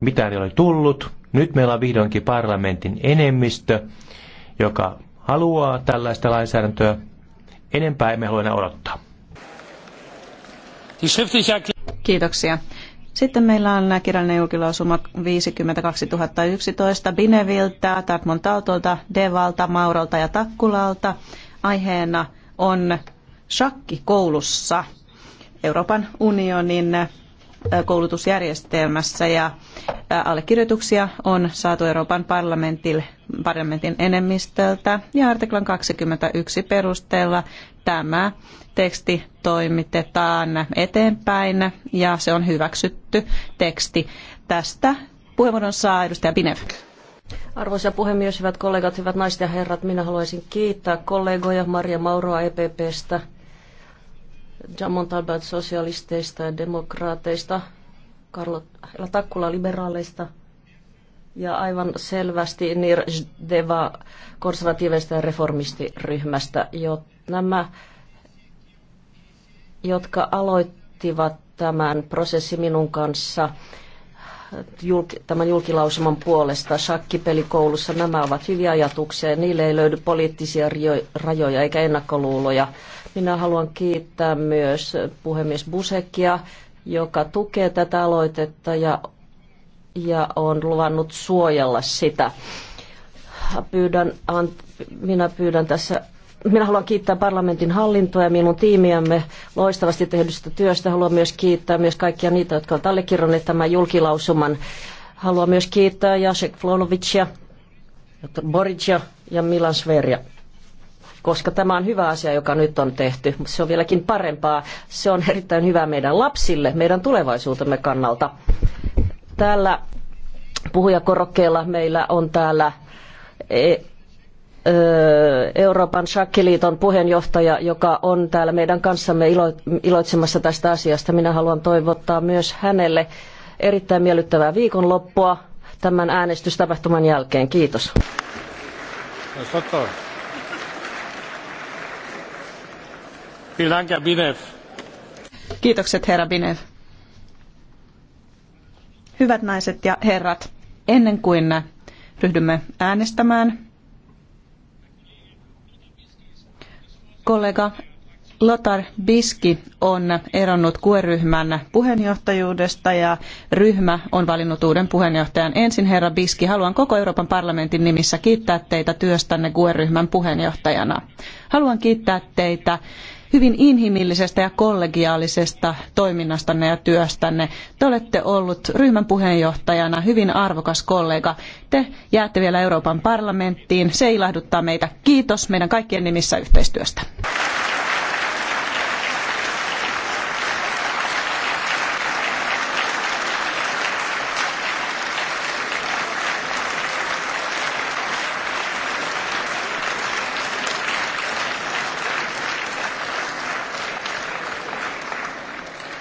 mitään ei ole tullut. Nyt meillä on vihdoinkin parlamentin enemmistö, joka haluaa tällaista lainsäädäntöä. Enempää emme halua enää odottaa. Kiitoksia. Sitten meillä on kirjallinen julkilausuma 52 2011 Bineviltä, Tartmon Taltolta, Devalta, Maurolta ja Takkulalta. Aiheena on shakki koulussa Euroopan unionin koulutusjärjestelmässä ja allekirjoituksia on saatu Euroopan parlamentin, enemmistöltä ja artiklan 21 perusteella tämä teksti toimitetaan eteenpäin ja se on hyväksytty teksti. Tästä puheenvuoron saa edustaja Binev. Arvoisa puhemies, hyvät kollegat, hyvät naiset ja herrat, minä haluaisin kiittää kollegoja Maria Mauroa EPPstä, Jamon Talbot sosialisteista ja demokraateista, Karlo Takkula liberaaleista ja aivan selvästi Nir Deva konservatiivista ja reformistiryhmästä, jo nämä, jotka aloittivat tämän prosessin minun kanssa tämän julkilausuman puolesta shakkipelikoulussa. Nämä ovat hyviä ajatuksia ja niille ei löydy poliittisia rajoja eikä ennakkoluuloja. Minä haluan kiittää myös puhemies Busekia, joka tukee tätä aloitetta ja, ja on luvannut suojella sitä. Pyydän, minä pyydän tässä minä haluan kiittää parlamentin hallintoa ja minun tiimiämme loistavasti tehdystä työstä. Haluan myös kiittää myös kaikkia niitä, jotka ovat allekirjoineet tämän julkilausuman. Haluan myös kiittää Jasek Flonovicia, Boricia ja Milan Sveria koska tämä on hyvä asia, joka nyt on tehty, mutta se on vieläkin parempaa. Se on erittäin hyvä meidän lapsille, meidän tulevaisuutemme kannalta. Täällä puhujakorokkeella meillä on täällä e- Euroopan shakkiliiton puheenjohtaja, joka on täällä meidän kanssamme iloitsemassa tästä asiasta. Minä haluan toivottaa myös hänelle erittäin miellyttävää viikonloppua tämän äänestystapahtuman jälkeen. Kiitos. Kiitokset herra Binev. Hyvät naiset ja herrat, ennen kuin ryhdymme äänestämään, kollega Lothar Biski on eronnut QE-ryhmän puheenjohtajuudesta ja ryhmä on valinnut uuden puheenjohtajan. Ensin herra Biski, haluan koko Euroopan parlamentin nimissä kiittää teitä työstänne QE-ryhmän puheenjohtajana. Haluan kiittää teitä hyvin inhimillisestä ja kollegiaalisesta toiminnastanne ja työstänne. Te olette ollut ryhmän puheenjohtajana hyvin arvokas kollega. Te jäätte vielä Euroopan parlamenttiin. Se ilahduttaa meitä. Kiitos meidän kaikkien nimissä yhteistyöstä.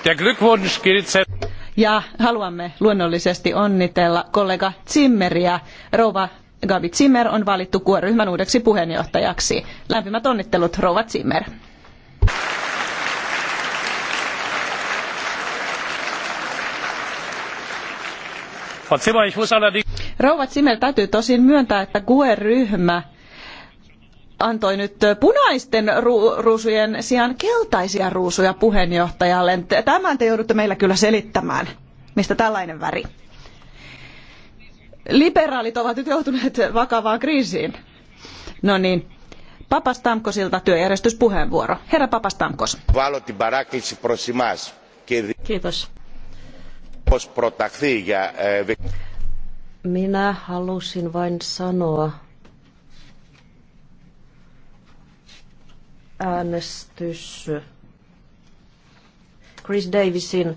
Der Glückwunsch gilt ja haluamme luonnollisesti onnitella kollega Zimmeriä. Rouva Gabi Zimmer on valittu kuoryhmän uudeksi puheenjohtajaksi. Lämpimät onnittelut, rouva Zimmer. Rouva Zimmer, täytyy tosin myöntää, että QE-ryhmä antoi nyt punaisten ruusujen sijaan keltaisia ruusuja puheenjohtajalle. Tämän te joudutte meillä kyllä selittämään, mistä tällainen väri. Liberaalit ovat nyt joutuneet vakavaan kriisiin. No niin, Papastamkosilta työjärjestyspuheenvuoro. Herra Papastamkos. Kiitos. Minä halusin vain sanoa äänestys Chris Davisin